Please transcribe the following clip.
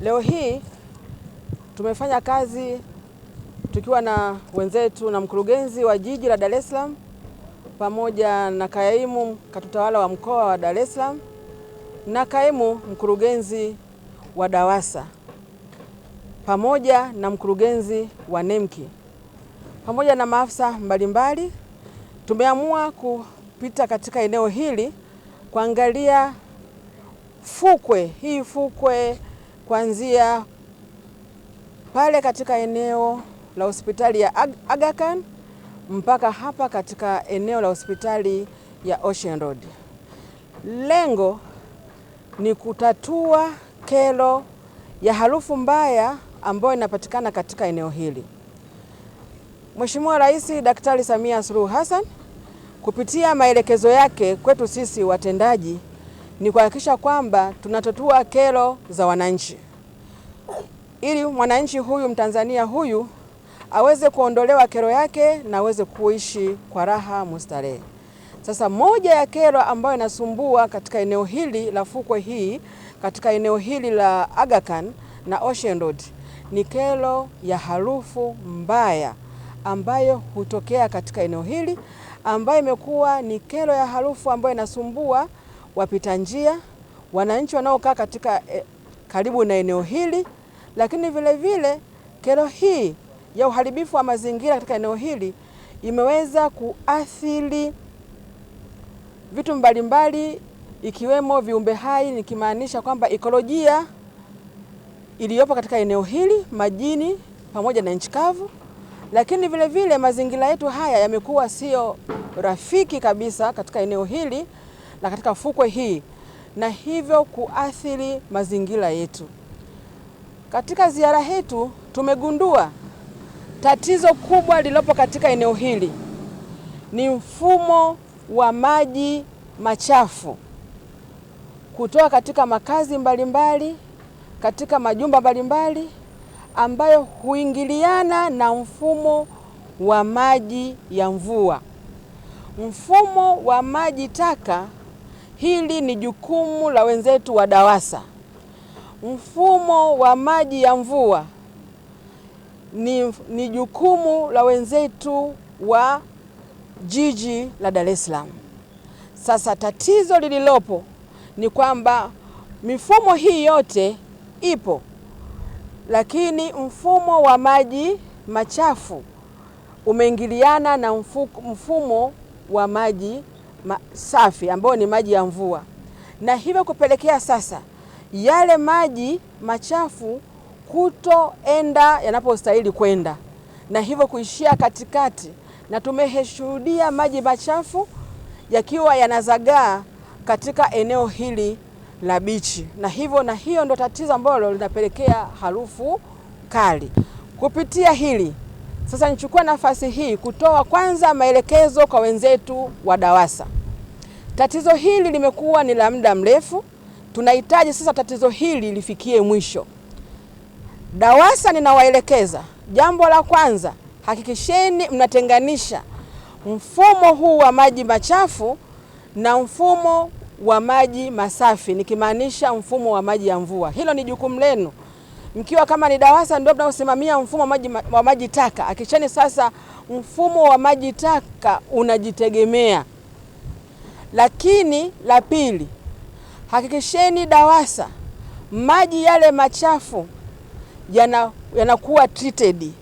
Leo hii tumefanya kazi tukiwa na wenzetu na mkurugenzi wa jiji la Dar es Salaam pamoja na kaimu katutawala wa mkoa wa Dar es Salaam na kaimu mkurugenzi wa DAWASA pamoja na mkurugenzi wa NEMKI pamoja na maafisa mbalimbali, tumeamua kupita katika eneo hili kuangalia fukwe hii fukwe kuanzia pale katika eneo la hospitali ya Ag Aga Khan mpaka hapa katika eneo la hospitali ya Ocean Road. Lengo ni kutatua kero ya harufu mbaya ambayo inapatikana katika eneo hili. Mheshimiwa Rais Daktari Samia Suluhu Hassan kupitia maelekezo yake kwetu sisi watendaji ni kuhakikisha kwamba tunatatua kero za wananchi, ili mwananchi huyu Mtanzania huyu aweze kuondolewa kero yake na aweze kuishi kwa raha mustarehe. Sasa moja ya kero ambayo inasumbua katika eneo hili la fukwe hii katika eneo hili la Aga Khan na Ocean Road ni kero ya harufu mbaya ambayo hutokea katika eneo hili ambayo imekuwa ni kero ya harufu ambayo inasumbua wapita njia, wananchi wanaokaa katika e, karibu na eneo hili, lakini vilevile kero hii ya uharibifu wa mazingira katika eneo hili imeweza kuathiri vitu mbalimbali ikiwemo viumbe hai, nikimaanisha kwamba ikolojia iliyopo katika eneo hili, majini pamoja na nchi kavu. Lakini vilevile mazingira yetu haya yamekuwa sio rafiki kabisa katika eneo hili, na katika fukwe hii na hivyo kuathiri mazingira yetu. Katika ziara yetu tumegundua tatizo kubwa lililopo katika eneo hili ni mfumo wa maji machafu kutoka katika makazi mbalimbali mbali, katika majumba mbalimbali mbali, ambayo huingiliana na mfumo wa maji ya mvua. Mfumo wa maji taka Hili ni jukumu la wenzetu wa DAWASA. Mfumo wa maji ya mvua ni, ni jukumu la wenzetu wa jiji la Dar es Salaam. Sasa tatizo lililopo ni kwamba mifumo hii yote ipo, lakini mfumo wa maji machafu umeingiliana na mfumo wa maji safi ambayo ni maji ya mvua, na hivyo kupelekea sasa yale maji machafu kutoenda yanapostahili kwenda, na hivyo kuishia katikati, na tumeshuhudia maji machafu yakiwa yanazagaa katika eneo hili la bichi, na hivyo na hiyo ndo tatizo ambalo linapelekea harufu kali. Kupitia hili sasa, nichukua nafasi hii kutoa kwanza maelekezo kwa wenzetu wa DAWASA Tatizo hili limekuwa ni la muda mrefu. Tunahitaji sasa tatizo hili lifikie mwisho. DAWASA ninawaelekeza, jambo la kwanza, hakikisheni mnatenganisha mfumo huu wa maji machafu na mfumo wa maji masafi, nikimaanisha mfumo wa maji ya mvua. Hilo ni jukumu lenu, mkiwa kama ni DAWASA ndio mnaosimamia mfumo wa maji, wa maji taka. Hakikisheni sasa mfumo wa maji taka unajitegemea. Lakini la pili, hakikisheni DAWASA maji yale machafu yanakuwa yana treated